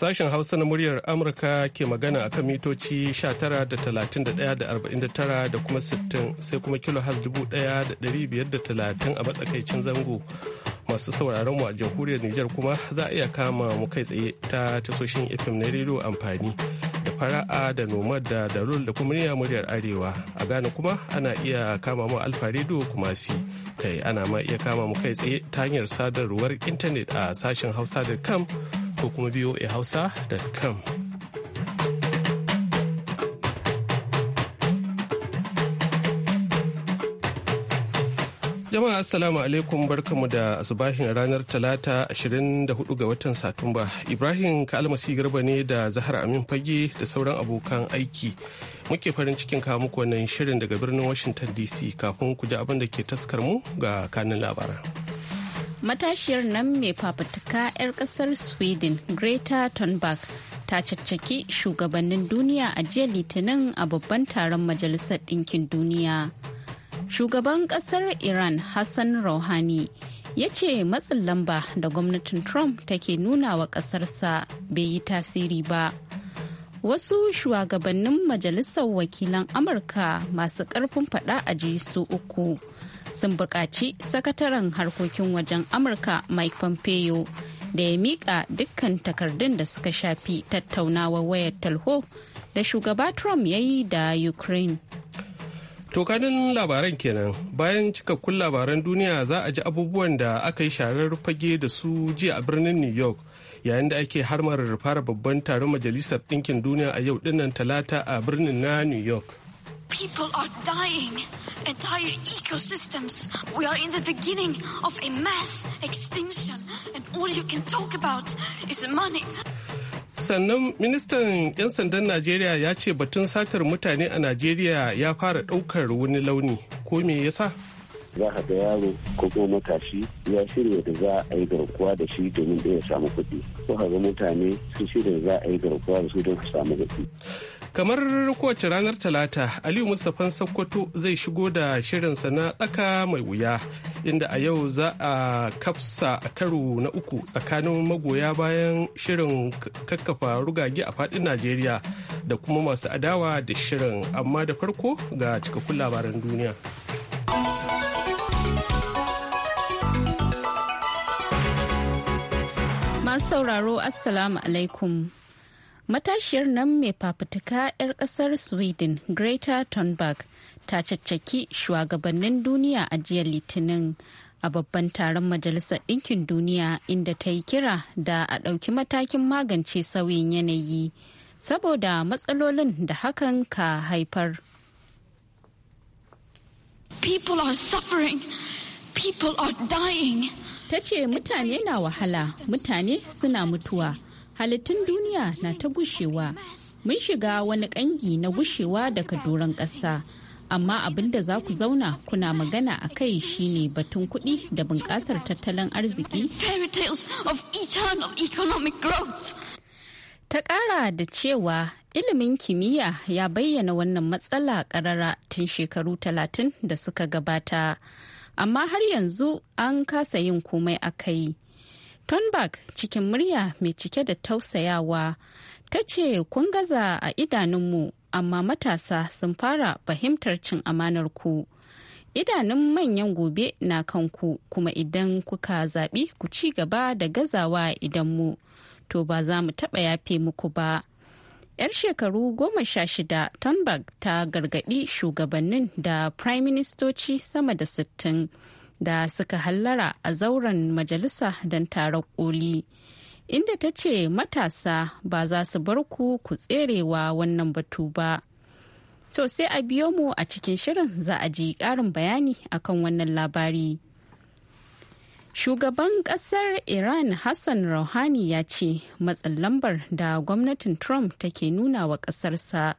Sashen Hausa na muryar Amurka ke magana a kan mitoci 19.31.49 da kuma 60 sai kuma kilohaz 1,530 a matsakaicin zango. Masu sauraron mu a jamhuriyar Nijar kuma za a iya kama mu kai tsaye ta tasoshin FM na rediyo amfani da fara'a da nomad da dalol da kuma niyyar muryar arewa. A gane kuma ana iya kama mu alfa rediyo kuma si. Kai ana ma iya kama mu kai tsaye ta hanyar sadarwar intanet a sashen hausa.com ko kuma voahausa.com. Jama'a Assalamu alaikum barkamu da asubahin ranar Talata 24 ga watan Satumba. Ibrahim Kalmasi Garba ne da Zahar Amin Fage da sauran abokan aiki. Muke farin cikin kawo muku shirin daga birnin Washington DC kafin ku ji abin da ke taskar mu ga kanin labaran. matashiyar nan mai fafutuka 'yar kasar sweden greta thunberg ta caccaki shugabannin duniya a jiya litinin a babban taron majalisar ɗinkin duniya shugaban ƙasar iran hassan rouhani ya ce matsin lamba da gwamnatin trump take nuna wa ƙasarsa bai yi tasiri ba wasu shugabannin majalisar wakilan amurka masu ƙarfin faɗa a ji su uku sun buƙaci sakataren harkokin wajen amurka mike pompeo da ya miƙa dukkan takardun da suka shafi tattaunawa wayar talho da shugaba trump ya yi da ukraine tokanin labaran kenan bayan cikakkun labaran duniya za a ji abubuwan da aka yi sharar fage da su jiya a birnin new york yayin da ake harmar fara babban taron majalisar ɗinkin duniya a yau dinnan talata a birnin na new york People are dying. Entire ecosystems. We are in the beginning of a mass extinction, and all you can talk about is money. Sannan ministan 'yan sandan Najeriya ya ce batun satar mutane a Najeriya ya fara ɗaukar wani launi. Ko me yasa? za ka ga yaro ko kuma matashi ya shirya da za a yi garkuwa da shi domin da ya samu kuɗi ko ga mutane su shirya za a yi garkuwa da su don su samu kuɗi. kamar kowace ranar talata aliyu mustapha sakkwato zai shigo da shirinsa na tsaka mai wuya inda a yau za a kafsa a karo na uku tsakanin magoya bayan shirin kakkafa rugage a fadin najeriya da kuma masu adawa da shirin amma da farko ga cikakkun labaran duniya masu sauraro assalamu alaikum matashiyar nan mai fafutuka 'yar kasar sweden greta thunberg ta caccaki shugabannin duniya a jiya litinin a babban taron majalisar ɗinkin duniya inda ta yi kira da a ɗauki matakin magance sauyin yanayi saboda matsalolin da hakan ka haifar people are suffering people are dying ta ce mutane na wahala mutane suna mutuwa halittun duniya na ta gushewa mun shiga wani kangi na gushewa daga doron ƙasa amma abinda da za ku zauna kuna magana a kai shine batun kuɗi da bunƙasar tattalin arziki ta ƙara da cewa ilimin kimiyya ya bayyana wannan matsala ƙarara tun shekaru talatin da suka gabata amma har yanzu an kasa yin komai a kai. Thunberg cikin murya mai cike da tausayawa ta ce kun gaza a idanunmu amma matasa sun fara fahimtar cin amanar ku. Idanun manyan gobe na kanku kuma idan kuka zaɓi ku ci gaba da gazawa idan mu to ba za mu taɓa yafe muku ba. 'Yar shekaru goma sha shida Thunberg ta gargaɗi shugabannin da Prime Ministoci sama da sittin. da suka hallara a zauren majalisa don taron koli inda ta ce matasa ba za su bar ku ku tserewa wannan batu ba to sai a biyo mu a cikin shirin za a ji ƙarin bayani akan wannan labari Shugaban kasar Iran Hassan Rouhani ya ce matsin lambar da gwamnatin Trump take nuna wa kasarsa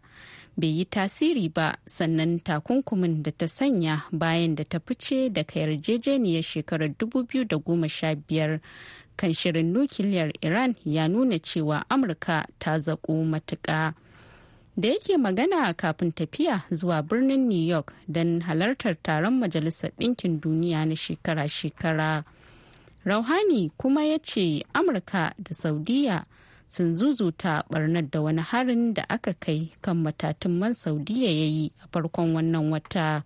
bai yi tasiri ba sannan takunkumin da ta sanya bayan da ta fice daga yarjejeniyar shekarar 2015 kan shirin nukiliyar iran ya nuna cewa amurka ta zaƙo matuƙa. da yake magana kafin tafiya zuwa birnin new york don halartar taron majalisar ɗinkin duniya na shekara-shekara rauhani kuma ya ce amurka da saudiya sun zuzuta barnar da wani harin da aka kai kan matatun man saudiya ya yi a farkon wannan wata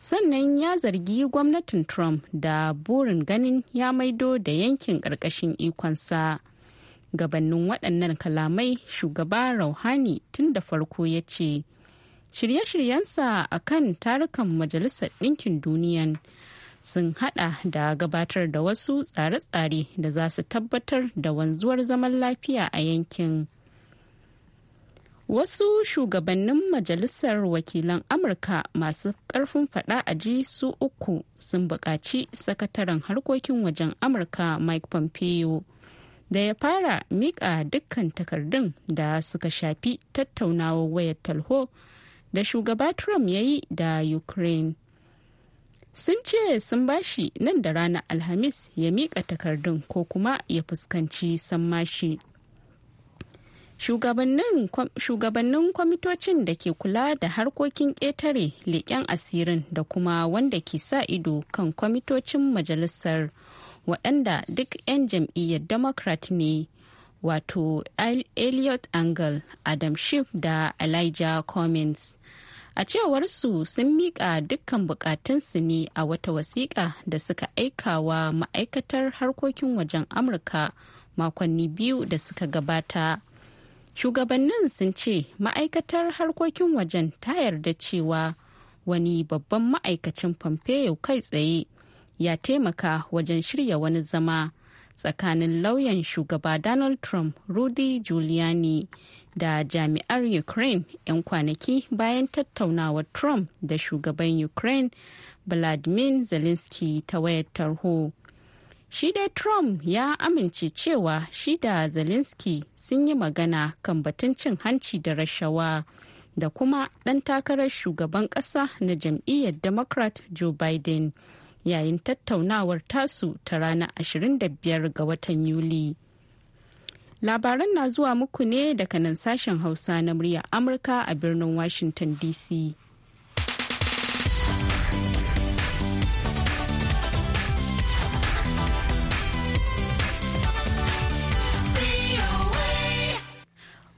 sannan ya zargi gwamnatin trump da burin ganin ya maido da yankin ƙarƙashin ikonsa gabanin waɗannan kalamai shugaba rauhani tun da farko ya ce shirye-shiryensa a kan tarukan majalisar ɗinkin duniyan sun hada da gabatar da wasu tsare-tsare da za su tabbatar da wanzuwar zaman lafiya a yankin wasu shugabannin majalisar wakilan amurka masu karfin fada a ji su uku sun buƙaci sakataren harkokin wajen amurka mike pompeo da ya fara miƙa dukkan takardun da suka shafi tattaunawar wayar talho da shugaba trump ya yi da ukraine sun ce sun bashi nan da ranar alhamis ya miƙa takardun ko kuma ya fuskanci sammashi shugabannin kwamitocin da ke kula da harkokin ƙetare leƙen asirin da kuma wanda ke sa ido kan kwamitocin majalisar waɗanda duk 'yan jam'iyyar democrat ne wato elliot angle adam schiff da elijah cummins a cewarsu sun miƙa dukkan bukatunsu ne a wata wasiƙa da suka aika wa ma'aikatar harkokin wajen amurka makonni biyu da suka gabata shugabannin sun ce ma'aikatar harkokin wajen ta yarda cewa wani babban ma'aikacin pompeo kai tsaye ya taimaka wajen shirya wani zama tsakanin lauyan shugaba donald trump rudy giuliani da jami'ar ukraine 'yan kwanaki bayan tattaunawar trump da shugaban ukraine vladimir zelensky ta wayar tarho shi dai trump ya amince cewa shi da zelensky sun yi magana kan batun cin hanci da rashawa da kuma ɗan takarar shugaban ƙasa na jam'iyyar democrat joe biden yayin tattaunawar tasu ta ranar 25 ga watan yuli Labaran na zuwa muku ne daga nan sashen Hausa na murya Amurka a birnin Washington DC.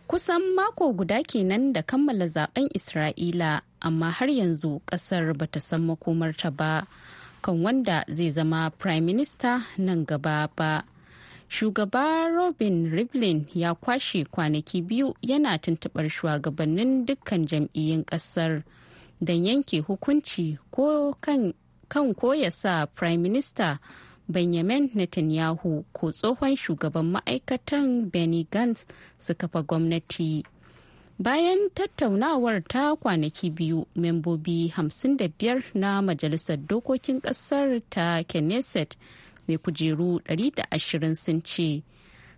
Kusan mako guda kenan da kammala zaben Isra'ila, amma har yanzu kasar ta san makomarta ba kan wanda zai zama Prime Minister nan gaba ba. shugaba robin rivlin ya kwashe kwanaki biyu yana tuntubar shugabannin dukkan jam'iyyun kasar don yanke hukunci ko kan, kan ko ya sa prime minister benjamin netanyahu ko tsohon shugaban ma'aikatan benny gantz su kafa gwamnati bayan tattaunawar ta kwanaki biyu membobi 55 na majalisar dokokin kasar ta knesset mai kujeru 120 sun ce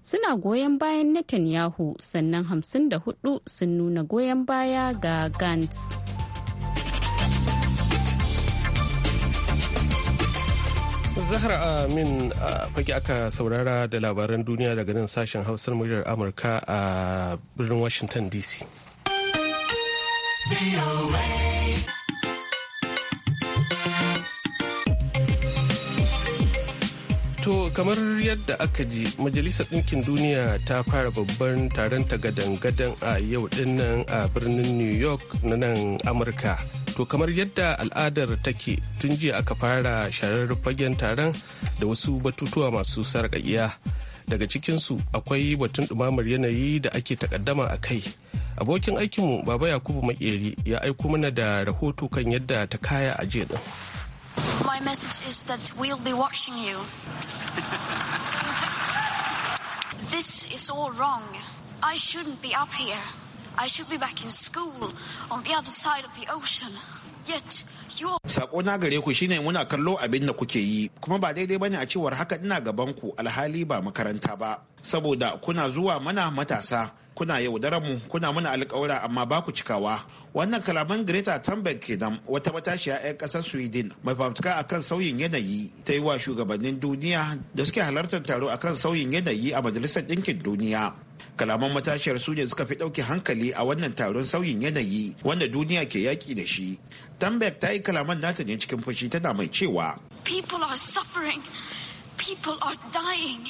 suna goyon bayan Netanyahu sannan 54 sun nuna goyon baya ga Gantz. Zahra Amin fage aka saurara da labaran duniya daga nan sashen hausar muryar Amurka a birnin Washington DC. kamar yadda aka ji majalisar ɗinkin duniya ta fara babban taron gadan-gadan a yau dinnan a birnin new york na nan amurka to kamar yadda al'adar take tun jiya aka fara sharar fagen taron da wasu batutuwa masu sarƙaƙiya daga cikinsu akwai batun ɗumamar yanayi da ake takaddama a kai abokin aikinmu baba yakubu makeri ya aiko mana da rahoto kan yadda ta kaya a jiya din. My message is that we'll be watching you. this is all wrong. I shouldn't be up here. I should be back in school on the other side of the ocean. Yet Sako na gare ku shine muna kallo abin da kuke yi kuma ba daidai bane a cewar haka ina gaban ku alhali ba makaranta ba saboda kuna zuwa mana matasa kuna yaudarar mu kuna muna alkawura amma ba ku cikawa wannan kalaman greta thunberg kenan wata matashiya 'yan kasar sweden mai fafutuka akan sauyin yanayi ta yi wa shugabannin duniya da suke halartar taro akan sauyin yanayi a majalisar ɗinkin duniya kalaman matashiyar su ne suka fi ɗauki hankali a wannan taron sauyin yanayi wanda duniya ke yaƙi da shi thunberg ta yi kalaman nata ne cikin fushi tana mai cewa people are suffering people are dying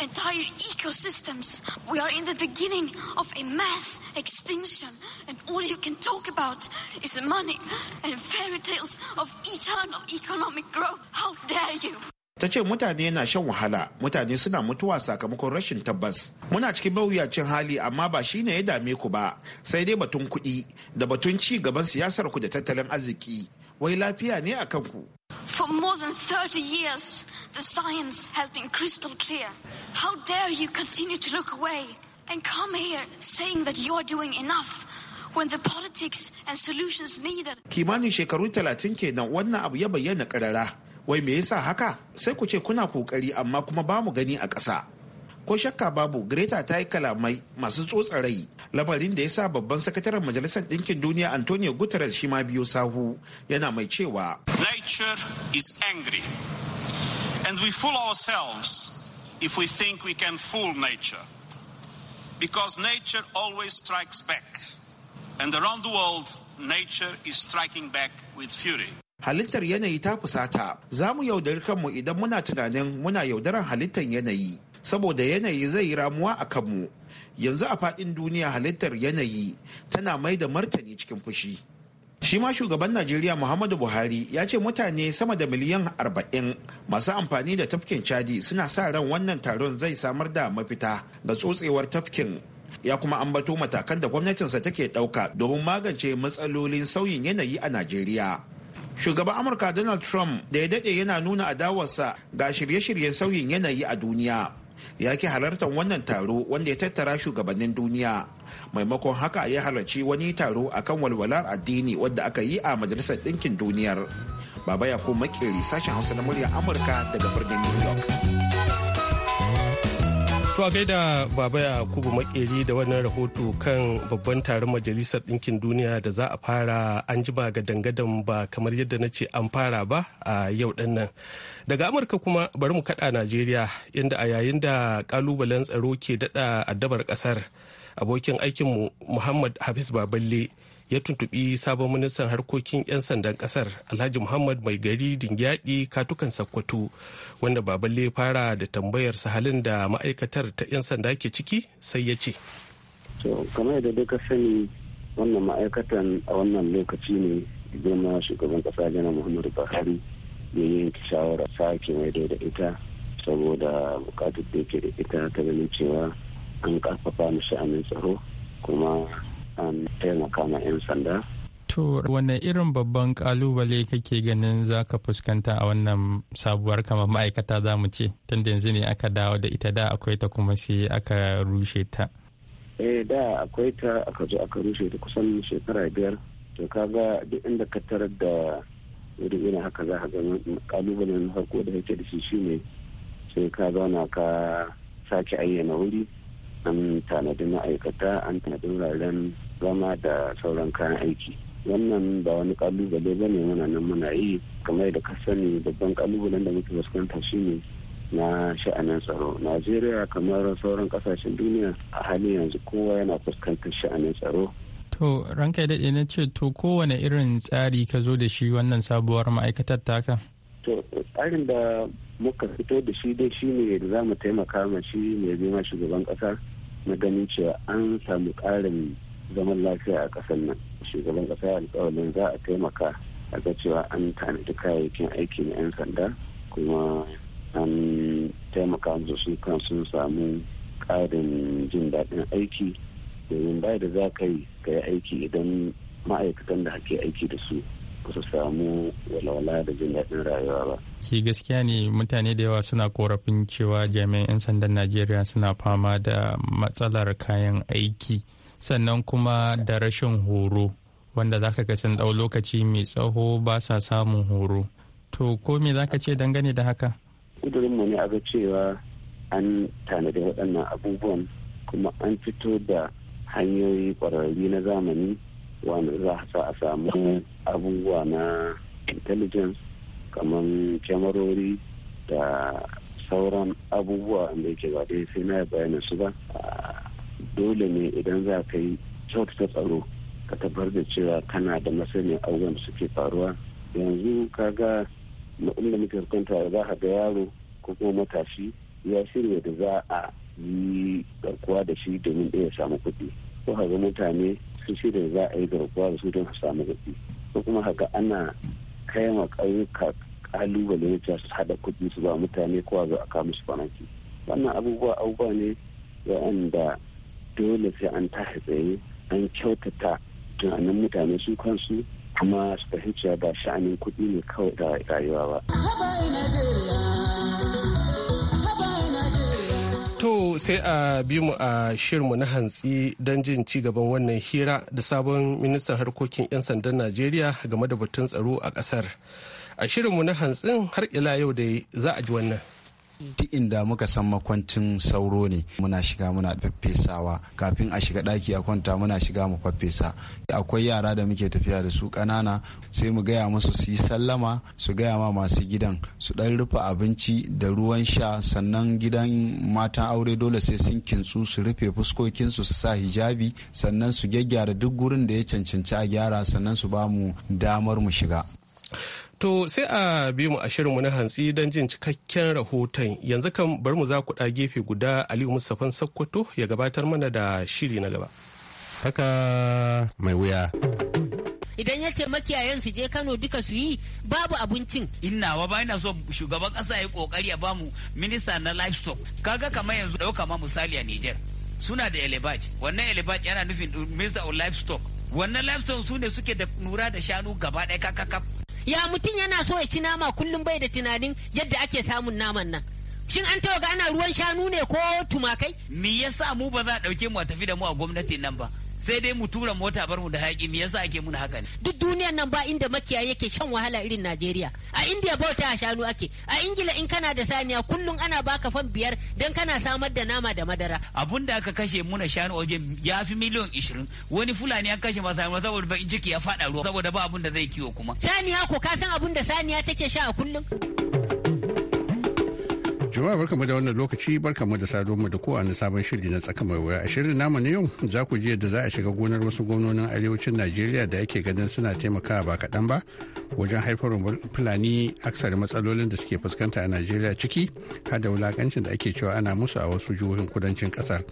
entire ecosystems. We are in the beginning of a mass extinction, and all you can talk about is money and fairy tales of eternal economic growth. How dare you! ta ce mutane na shan wahala mutane suna mutuwa sakamakon rashin tabbas muna cikin mawuyacin hali amma ba shi ne ya dame ku ba sai dai batun kuɗi da batun ci gaban siyasar ku da tattalin arziki wai lafiya ne a kanku. For more than 30 years, the science has been crystal clear. How dare you continue to look away and come here saying that are doing enough when the politics and solutions needed. Kimanin shekaru talatin kenan wannan abu ya bayyana karara. Wai me yasa haka? Sai ku ce kuna kokari amma kuma ba mu gani a ƙasa. ko shakka babu greta ta yi kalamai masu tsotsa rai labarin da ya sa babban sakataren majalisar ɗinkin duniya antonio guterres shi ma biyo sahu yana mai cewa nature is angry and we fool ourselves if we think we can nature because nature always strikes back and around world nature is striking back with fury halittar yanayi ta fusata za mu yaudari kanmu idan muna tunanin muna yaudaran halittar yanayi saboda yanayi zai ramuwa a kanmu yanzu a faɗin duniya halittar yanayi tana mai da martani cikin fushi shi ma shugaban najeriya muhammadu buhari ya ce mutane sama da miliyan 40 masu amfani da tafkin chadi suna sa ran wannan taron zai samar da mafita ga tsotsewar tafkin ya kuma ambato matakan da gwamnatinsa take ɗauka domin magance matsalolin sauyin yanayi a najeriya shugaban amurka donald trump da ya daɗe yana nuna adawarsa ga shirye-shiryen sauyin yanayi a duniya ya ki halartar wannan taro wanda ya tattara shugabannin duniya maimakon haka ya halarci wani taro akan walwalar addini wadda aka yi a majalisar ɗinkin duniyar baba ya ko makeri sashen hausa na murya amurka daga birnin new york To a gaida baba ya kubu makeri da wannan rahoto kan babban taron majalisar ɗinkin duniya da za a fara an jima ga dangadan ba kamar yadda na ce an fara ba a yau ɗannan. Daga Amurka kuma bari mu kaɗa Najeriya inda a yayin da ƙalubalen tsaro ke daɗa addabar ƙasar abokin aikinmu Muhammad Hafiz Baballe ya tuntubi sabon ministan harkokin 'yan sandan kasar alhaji muhammad mai gari dingyadi katukan sakkwato wanda baballe fara da tambayar halin da ma'aikatar ta 'yan sanda ke ciki sai ya ce to kamar da duka sani wannan ma'aikatan a wannan lokaci ne girma shugaban kasa jana muhammadu buhari ya yanke shawarar sake maido da ita saboda bukatar da yake da ita ta ganin cewa an karfafa mu sha'anin tsaro kuma an taimaka ma 'yan sanda to wane irin babban kalubale kake ganin za ka fuskanta a wannan sabuwar kamar ma'aikata za mu ce tun da yanzu ne aka dawo da ita da akwai ta kuma sai aka rushe ta eh da akwai ta aka zo aka rushe ta kusan shekara biyar to kaga duk inda ka tarar da irin irin haka za ka gani kalubalen farko da yake da shi shine sai ka zauna ka sake ayyana wuri an tanadi ma'aikata an tanadi wuraren zama da sauran kayan aiki wannan ba wani kalubale ba ne muna nan muna yi kamar da ka sani babban kalubalen da muke fuskanta shine na sha'anin tsaro najeriya kamar sauran kasashen duniya a halin yanzu kowa yana fuskantar sha'anin tsaro to ranka ya daɗe na ce to kowane irin tsari ka zo da shi wannan sabuwar ma'aikatar taka to tsarin da muka fito da shi dai shine da za mu taimaka ma shi mai zama shugaban ƙasa na ganin cewa an samu ƙarin zaman lafiya a ƙasar nan shugaban ƙasa alƙawarin za a taimaka a ga cewa an tanadi kayayyakin aiki na 'yan sanda kuma an taimaka musu su kan sun samu ƙarin jin daɗin aiki domin ba da za ka yi ka yi aiki idan ma'aikatan da hake aiki da su ba su samu walwala da jin daɗin rayuwa ba. shi gaskiya ne mutane da yawa suna korafin cewa jami'an 'yan sandan najeriya suna fama da matsalar kayan aiki sannan kuma da rashin horo wanda zaka ga sun ɗau lokaci mai tsawo ba sa samun horo to ko me zaka ce dangane da haka ƙudurinmu ne a ga cewa an tanadi waɗannan abubuwan kuma an fito da hanyoyi ƙwararri na zamani wani za sa a samu abubuwa na intelligence kamar kyamarori da sauran abubuwa da yake ba dai sai na bayanin su ba dole ne idan za ka yi kyautata tsaro ka tabbar da cewa kana da masanin abubuwan da suke faruwa yanzu kaga inda muke kwanta za a ga yaro ko kuma matashi ya shirya da za a yi garkuwa da shi domin ɗaya samu kuɗi ko ga mutane su shirya za a yi garkuwa da su don su samu kuɗi ko kuma haka ana kai ma ƙauyuka kalubale na cewa su haɗa kuɗi su ba mutane kowa zo a kama su farmaki wannan abubuwa abubuwa ne waɗanda dole sai an tashi tsaye an kyautata tunanin mutane su kansu kuma su fahimci ba sha'anin kuɗi ne kawai da rayuwa ba. To sai a bi mu a shirmu na hantsi don jin ci gaban wannan hira da sabon ministan harkokin 'yan sandan Najeriya game da batun tsaro a ƙasar. A shirinmu na hantsin har ila yau da za a ji wannan. duk inda muka san makwancin sauro ne muna shiga muna faffesawa kafin a shiga ɗaki a kwanta muna shiga mu faffesa akwai yara da muke tafiya da su ƙanana sai mu gaya musu su yi sallama su gaya ma masu gidan su ɗan rufe abinci da ruwan sha sannan gidan matan aure dole sai sun kintsu su rufe fuskokinsu su sa hijabi sannan su gyaggyara duk gurin da ya cancanci a gyara sannan su ba mu damar mu shiga To sai a bi mu shirinmu na hantsi don jin cikakken rahoton yanzu kan bari mu za ku da gefe guda Aliyu Mustafan Sakkwato ya gabatar mana da shiri na gaba. Saka mai wuya. idan ya ce makiyayen su je Kano duka su yi babu abincin. Innawa ba ina so shugaban kasa ya kokari ya bamu minista na livestock. Kaga kamar yanzu dauka ma misali a Niger. Suna da elebaj. Wannan elebaj yana nufin minista of livestock. Wannan livestock su ne suke da nura da shanu gaba ɗaya kakakaf. ya mutum yana so ya ci nama kullum bai da tunanin yadda ake samun naman nan shin an tawaga ana ruwan shanu ne ko tumakai me yasa mu ba za a dauke mu a tafi da mu a gwamnatin nan ba sai dai mu tura mota bar mu da hayaki me yasa ake muna haka ne duk duniyan nan ba inda makiyayi yake shan wahala irin Najeriya a India bauta a shanu ake a Ingila in kana da saniya kullum ana baka fan biyar dan kana samar da nama da madara abun da aka kashe muna shanu wajen ya fi miliyan 20 wani fulani an kashe masa saboda ba ciki ya fada ruwa saboda ba abun da zai kiwo kuma saniya ko ka san abun da saniya take sha a kullum Jama'a barkamu da wannan lokaci barkamu da sado mu da ko na sabon shiri na tsaka mai wuya. A shirin namu na yau za ku ji yadda za a shiga gonar wasu gwamnonin arewacin Najeriya da ake ganin suna taimakawa ba kaɗan ba wajen haifar fulani aksari matsalolin da suke fuskanta a Najeriya ciki har da wulakancin da ake cewa ana musu a wasu jihohin kudancin ƙasar.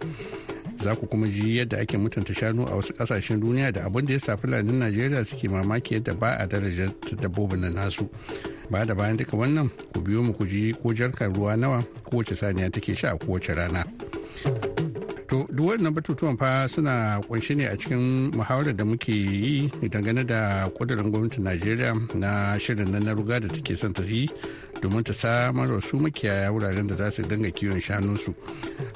za ku kuma ji yadda ake mutunta shanu a wasu kasashen duniya da abin da ya sa fulanin najeriya suke mamaki yadda ba a darajar dabbobin na nasu ba da bayan duka wannan ku biyo mu ku ji ko jarkar ruwa nawa kowace saniya take sha a kowace rana to duk wannan batutuwan fa suna kunshi ne a cikin muhawarar da muke yi dangane da kudurin gwamnatin najeriya na shirin na ruga da take son ta yi domin ta samar da su makiyaya wuraren da za su dinga kiwon shanunsu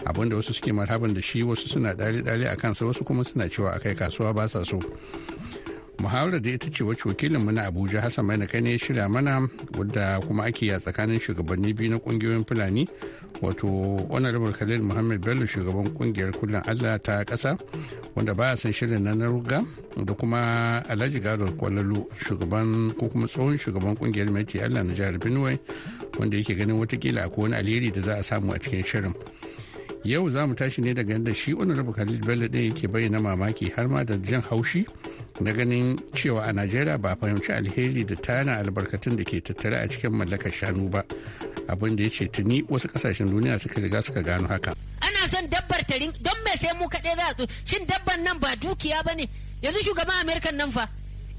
abinda wasu suke marhaban da shi wasu suna dare-dare a kansa wasu kuma suna cewa akai kasuwa ba sa so muhawarar da ita ce wacce wakilinmu na abuja hassan mai kai ne shirya mana wadda kuma ake a tsakanin shugabanni biyu na kungiyoyin fulani wato rabar khalil muhammad bello shugaban kungiyar kullum allah ta kasa wanda baya son shirin na naruga da kuma alhaji gado kwallalu shugaban ko kuma tsohon shugaban kungiyar mai allah na jihar benue wanda yake ganin watakila akwai wani alheri da za a samu a cikin shirin yau za mu tashi ne daga yadda shi rabar khalil bello ɗin yake bayyana mamaki har ma da jan haushi na ganin cewa a najeriya ba fahimci alheri da tana albarkatun da ke tattare a cikin mallakar shanu ba abin da ya ce tuni wasu kasashen duniya suka riga suka gano haka ana son dabbar tarin don mai sai mu kaɗai za a shin dabban nan ba dukiya ba ne yanzu shugaban amerikan nan fa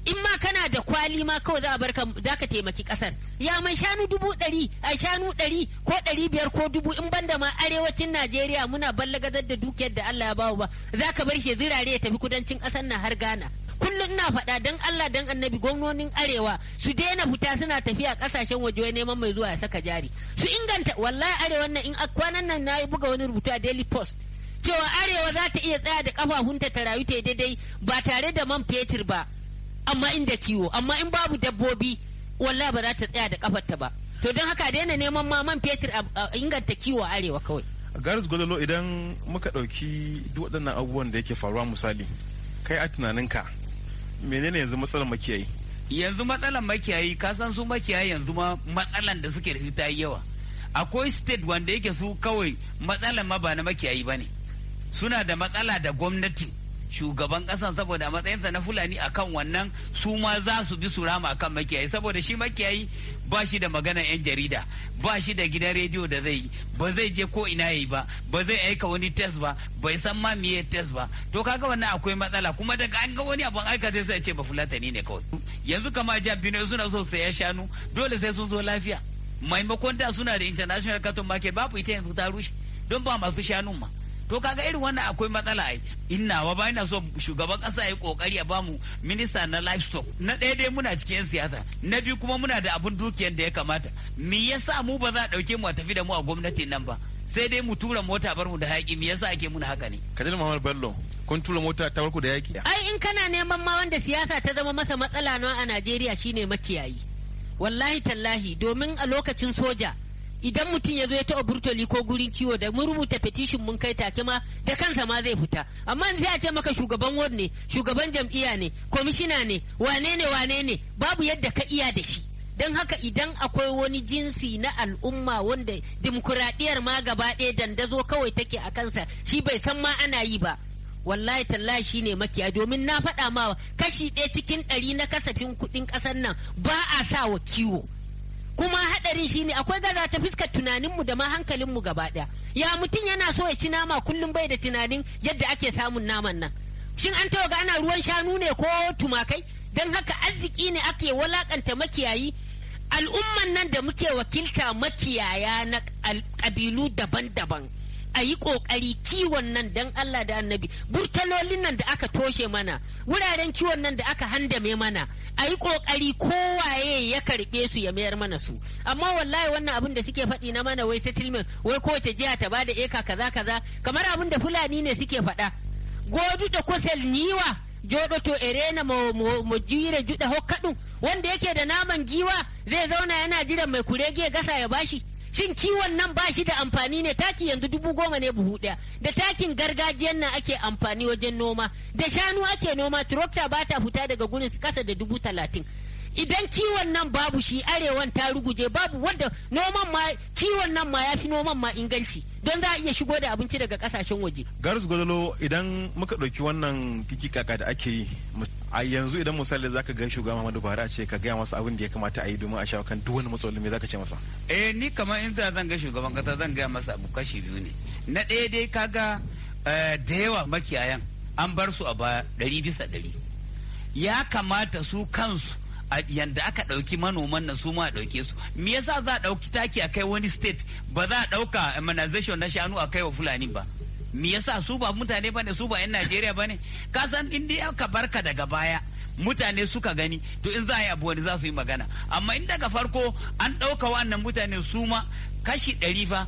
in ma kana da kwali ma kawai za a barka za ka taimaki kasar ya mai shanu dubu ɗari a shanu ɗari ko ɗari biyar ko dubu in banda ma arewacin najeriya muna ballagazar da dukiyar da allah ya bawa ba za ka bar shi zirare ya tafi kudancin ƙasar na har ghana kullum ina faɗa don Allah don annabi gwamnonin arewa su daina fita suna tafiya kasashen waje wai neman mai zuwa ya saka jari su inganta wallahi arewan nan in kwanan nan na yi buga wani rubutu a daily post cewa arewa za ta iya tsaya da kafafunta ta rayu ta daidai ba tare da man fetur ba amma inda kiwo amma in babu dabbobi wallahi ba za ta tsaya da kafarta ba to don haka daina neman ma man fetur a inganta kiwo arewa kawai garis gwalolo idan muka ɗauki duk waɗannan abubuwan da yake faruwa misali kai a tunaninka menene yanzu matsalar makiyayi yanzu matsalar makiyayi ka san su makiyayi yanzu ma matsalan da suke da ita yawa akwai state wanda yake su kawai matsalar ma ba na makiyayi ba ne suna da matsala da gwamnati shugaban ƙasa saboda a matsayinsa na fulani akan wannan su ma za su bi su rama akan makiyayi saboda shi makiyayi ba shi da magana 'yan jarida ba shi da gidan rediyo da zai yi ba zai je ko ina yi ba ba zai aika wani test ba bai san ma miye test ba to kaga wannan akwai matsala kuma daga an ga wani abun aika zai sai ce ba fulatani ne kawai yanzu kama jihar bino suna so su ya shanu dole sai sun zo lafiya maimakon da suna da international cotton market babu ita yanzu ta rushe don ba masu shanun ma to kaga irin wannan akwai matsala ai innawa ba ina so shugaban kasa ya kokari ya bamu minista na livestock na ɗaya dai muna cikin 'yan siyasa na biyu kuma muna da abun dukiyar da ya kamata me yasa mu ba za a ɗauke mu a tafi da mu a gwamnati nan ba sai dai mu tura mota bar mu da haƙi me yasa ake muna haka ne kadil muhammad bello kun tura mota ta barku da yaƙi? ai in kana neman ma wanda siyasa ta zama masa matsala na a najeriya shine makiyayi wallahi tallahi domin a lokacin soja idan mutum ya zo ya taɓa burtoli ko gurin kiwo da mu rubuta petition mun kai take ma da kansa ma zai fita amma sai a ce maka shugaban ward ne shugaban jam'iyya ne komishina ne wane ne wane ne babu yadda ka iya da shi don haka idan akwai wani jinsi na al'umma wanda dimkuraɗiyar ma gaba ɗaya dandazo kawai take a kansa shi bai san ma ana yi ba wallahi tallahi ne makiya domin na faɗa ma kashi ɗaya cikin ɗari na kasafin kuɗin ƙasar nan ba a sa wa kiwo kuma hadarin shine akwai gaza ta fiska tunaninmu da ma hankalinmu gaba daya ya mutum yana so ya ci nama kullum bai da tunanin yadda ake samun naman nan shin an tawaga ana ruwan shanu ne ko tumakai don haka arziki ne ake walakanta makiyayi al'umman nan da muke wakilta makiyaya na kabilu daban-daban a yi kokari kiwon nan dan Allah da annabi burtalolin nan da aka toshe mana wuraren kiwon nan da aka handame mana a yi kokari kowaye ya karɓe su ya mayar mana su amma wallahi wannan abin da suke faɗi na mana wai settlement wai kowace jiha ta bada eka kaza kaza kamar abin da fulani ne suke faɗa godu da kusel niwa jodo to erena mu mo, jire juda hokkadun wanda yake da naman giwa zai zauna yana jiran mai kurege gasa ya bashi shin kiwon nan ba shi da amfani ne taki yanzu dubu goma ne buhu ɗaya da takin gargajiyan nan ake amfani wajen noma da shanu ake noma tractor ba ta fita daga gurin kasa da dubu talatin idan kiwon nan babu shi arewan ta ruguje babu wadda noman ma kiwon nan ma ya fi noman ma inganci don za a iya shigo da abinci daga kasashen waje. garis Godolo idan muka ɗauki wannan kikikaka da ake yi a yanzu idan misali za ka ga shugaban Muhammadu Buhari a ce ka gaya masa abin da ya kamata a yi domin a shawo kan duk wani matsaloli me za ka ce masa. Eh ni kamar in za zan ga shugaban kasa zan gaya masa abu kashi biyu ne. Na ɗaya dai kaga eh, da yawa makiyayan an bar su a baya ɗari bisa ɗari. Ya kamata su kansu yanda aka ɗauki manoman nan su ma a ɗauke su me yasa za a ɗauki taki a kai wani state ba za a ɗauka immunization na shanu a kai wa fulani ba me yasa su ba mutane ba ne su ba 'yan najeriya ba ne ka san in dai aka barka daga baya mutane suka gani to in za a yi abu wani za su yi magana amma in daga farko an ɗauka wannan mutane su ma kashi ɗari fa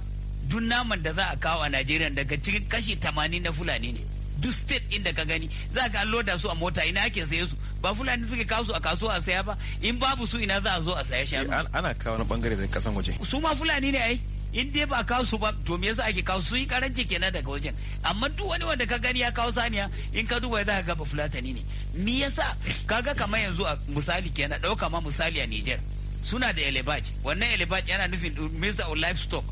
dun naman da za a kawo a najeriya daga cikin kashi tamanin na fulani ne duk state inda da ka gani za ka loda su a mota ina ake saye su ba fulani suke kawo su a kasuwa a saya ba in babu su ina za a zo a saya shanu eh, ana kawo na bangare da kasan waje su ma fulani ne ai in dai ba kawo su ba to me yasa ake kawo su yi karanci kenan daga wajen amma duk wani wanda ka gani ya kawo saniya in ka duba za ka ga ba fulatani ne me yasa kaga kamar yanzu a misali kenan dauka ma misali a Niger suna da elebaj wannan elebaj yana nufin minister of livestock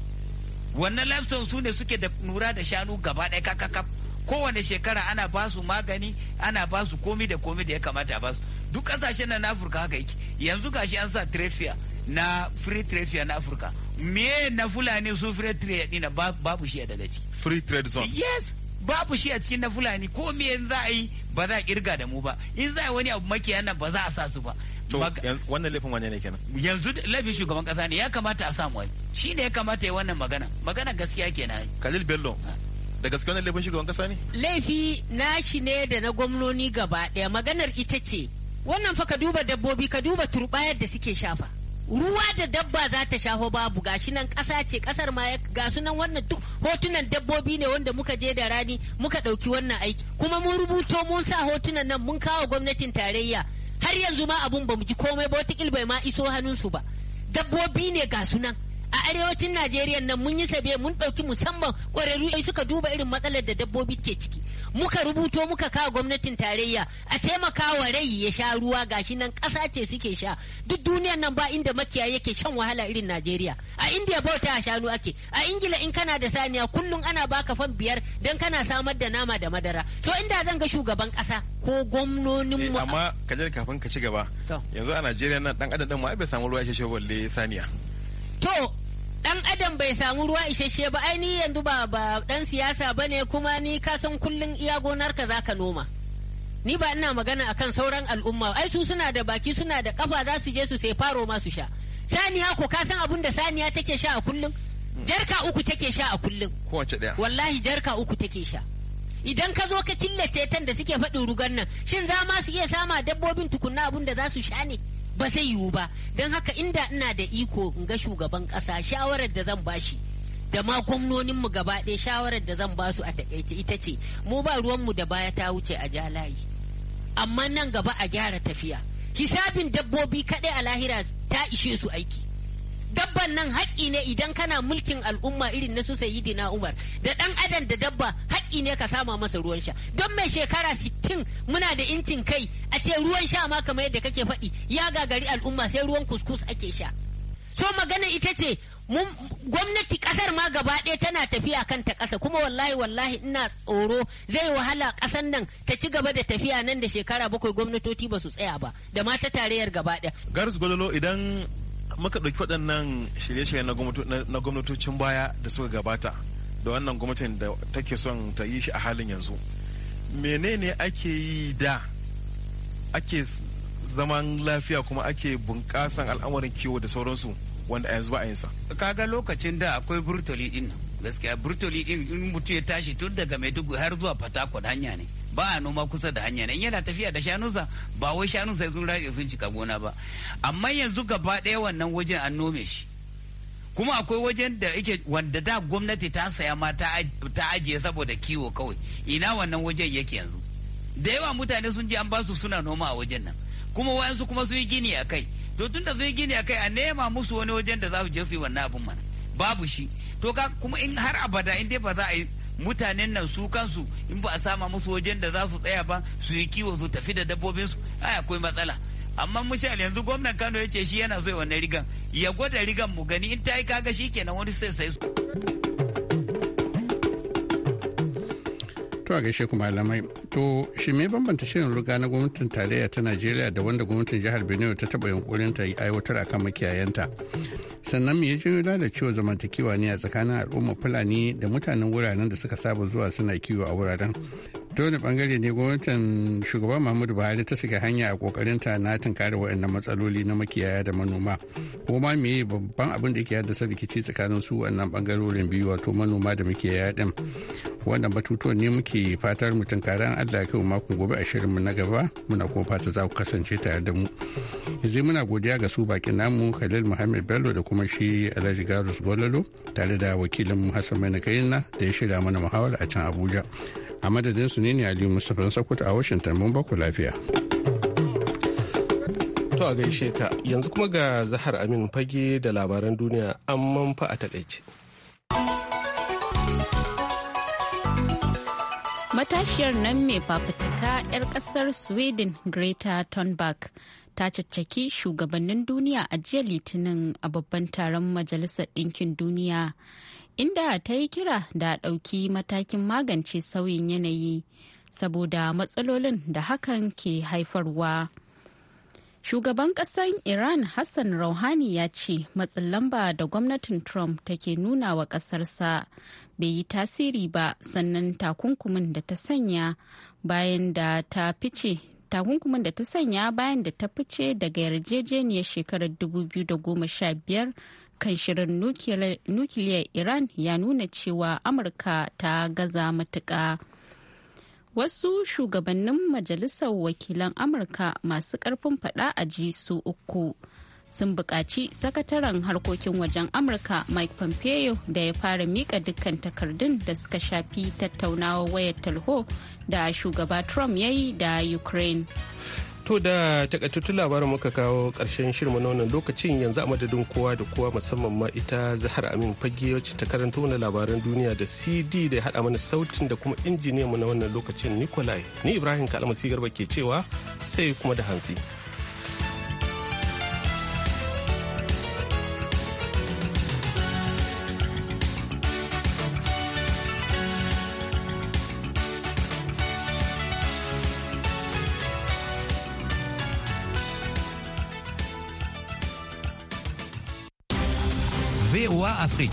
wannan livestock su ne suke da nura da shanu gaba ɗaya kakakaf kowane shekara ana basu magani ana basu komi da komi da ya kamata a basu duk kasashen nan na afirka haka yake yanzu gashi an sa trefia na free trefia na afirka me na fulani su free trade din babu shi daga ciki free trade zone yes babu shi a cikin na fulani ko me za a yi ba za a kirga da mu ba in za a wani abu maki yana ba za a sa su ba wannan laifin wane ne kenan yanzu laifin shugaban kasa ne ya kamata a samu wai shi ne ya kamata ya wannan magana magana gaskiya kenan khalil bello ah. da gaske wannan laifin shugaban kasa ne laifi nashi ne da na gwamnoni gaba daya maganar ita ce wannan fa ka duba dabbobi ka duba turbayar da suke shafa ruwa da dabba za ta shaho babu gashi nan kasa ce kasar ma ga sunan wannan duk hotunan dabbobi ne wanda muka je da rani muka ɗauki wannan aiki kuma mun rubuto mun sa hotunan nan mun kawo gwamnatin tarayya har yanzu ma abun ba mu ji komai ba wata bai ma iso hannunsu ba dabbobi ne ga sunan a arewacin najeriya nan mun yi sabe mun ɗauki musamman ƙwararru suka duba irin matsalar da dabbobi ke ciki muka rubuto muka kawo gwamnatin tarayya a taimaka wa rai ya sha ruwa gashi nan ƙasa ce suke sha duk duniyar nan ba inda makiya yake shan wahala irin najeriya a indiya bauta a shanu ake a ingila in kana da saniya kullum ana baka fan biyar don kana samar da nama da madara so inda zan ga shugaban ƙasa ko gwamnonin mu eh, amma kaje kafin ka ci gaba yanzu a najeriya nan dan adam mu ma bai samu ruwa ya balle saniya to ɗan adam bai samu ruwa isasshe ba ai ni yanzu ba ba dan siyasa ba ne kuma ni ka san kullum iya gonar ka zaka noma ni ba ina magana akan sauran al'umma ai su suna da baki suna da kafa za su je su sai faro ma su sha saniya ko ka san abun da saniya take sha a kullum jarka uku take sha a kullum. kowace ɗaya? wallahi jarka uku take sha idan ka zo ka killace tan da suke faɗin rugan nan shin za ma su iya sama dabbobin tukunna abun da za su sha ne ba zai yiwu ba don haka inda ina da iko in ga shugaban kasa shawarar da zan bashi da ma gwamnoninmu gaba ɗaya shawarar da zan basu a takaice ita ce mu ba ruwanmu da baya ta wuce a ja layi amma nan gaba a gyara tafiya hisabin dabbobi kaɗai a lahira ta ishe su aiki dabban nan haƙƙi ne idan kana mulkin al'umma irin na su na umar da ɗan adam da dabba haƙƙi ne ka sama masa ruwan sha don mai shekara sittin muna da incin kai a ce ruwan sha ma kamar yadda kake faɗi ya gagari al'umma sai ruwan kuskus ake sha so magana ita ce gwamnati kasar ma gaba ɗaya tana tafiya kan ta ƙasa kuma wallahi wallahi ina tsoro zai wahala ƙasar nan ta ci gaba da tafiya nan da shekara bakwai gwamnatoci ba su tsaya ba da ma ta tarayyar gaba ɗaya. Garis idan muka ɗauki waɗannan shirye-shirye na gwamnatocin baya da suka gabata da wannan gwamnatin da take son ta yi shi a halin yanzu menene ake yi da ake zaman lafiya kuma ake bunƙasan al'amarin kiwo da sauransu wanda a yanzu ba a yinsa kaga lokacin da akwai burtoli din gaskiya burtoli din in mutum ya tashi tun daga maiduguri har zuwa fatakwal hanya ne ba a noma kusa da hanya nan yana tafiya da shanunsa ba wai shanunsa ya zura sun cika gona ba amma yanzu gaba ɗaya wannan wajen an nome shi kuma akwai wajen da yake wanda da gwamnati ta saya ma ta ajiye saboda kiwo kawai ina wannan wajen yake yanzu da yawa mutane sun ji an basu suna noma a wajen nan kuma wayansu kuma sun yi gini a kai to tun da sun yi gini a kai a nema musu wani wajen da za su je su yi wannan abin mana babu shi to kuma in har abada in dai ba za a yi mutanen nan su kansu in ba a sama musu wajen da za su tsaya ba su yi kiwo su tafi da dabbobinsu ai akwai matsala amma mushal yanzu gwamnan kano ya ce shi yana so wannan rigan ya gwada rigan mu gani in ta yi kaga shi kenan wani sai sai su. to a gaishe kuma malamai To shi me bambanta shirin ruga na gwamnatin tarayya ta Najeriya da wanda gwamnatin jihar Benue ta taɓa yunkurin ta aiwatar a kan makiyayanta. Sannan me ya janyo lalacewa zamantakewa ne a tsakanin al'ummar Fulani da mutanen wuraren da suka saba zuwa suna kiwo a wuraren. Ta wani bangare ne gwamnatin shugaban Muhammadu Buhari ta sake hanya a kokarin ta na tunkara waɗannan matsaloli na makiyaya da manoma. Ko ma me babban abin da yake haddasa rikici tsakanin su wannan bangarorin biyu wato manoma da makiyaya din. wannan batutuwan ne muke fatar mutum karan allah kyau makon gobe a shirinmu na gaba muna ko fata za ku kasance tare da mu yanzu muna godiya ga su bakin namu khalil muhammad bello da kuma shi alhaji garus bololo tare da wakilin hassan mai na da ya shirya mana muhawar a can abuja a madadin su ne ne aliyu mustapha sakkwato a washington mun baku lafiya to a gaishe ka yanzu kuma ga zahar amin fage da labaran duniya an manfa a takaice matashiyar nan mai fafutuka 'yar kasar sweden greta thunberg ta caccaki shugabannin duniya a jiya litinin a babban taron majalisar ɗinkin duniya inda ta yi kira da ɗauki matakin magance sauyin yanayi saboda matsalolin da hakan ke haifarwa shugaban ƙasar iran hassan rouhani ya ce matsin lamba da gwamnatin trump take nuna wa ƙasarsa bai yi tasiri ba sannan takunkumin da ta sanya bayan da ta fice takunkumin da ta sanya bayan da ta fice daga yarjejeniyar shekarar 2015 kan shirin nukiliyar iran ya nuna cewa amurka ta gaza matuƙa wasu shugabannin majalisar wakilan amurka masu ƙarfin faɗa a ji su uku sun buƙaci sakataren harkokin wajen amurka mike pompeo da ya fara mika dukkan takardun da suka shafi tattaunawa wayar talho da shugaba trump ya yi da ukraine to da takaitattun labarin muka kawo karshen shirin na wannan lokacin yanzu a madadin kowa da kowa musamman ma ita zahar amin fage wacce ta karanta wani labaran duniya da cd da ya haɗa mana sautin da kuma injiniyanmu na wannan lokacin nikolai ni ibrahim kalmasi garba ke cewa sai kuma da hantsi. Afrique.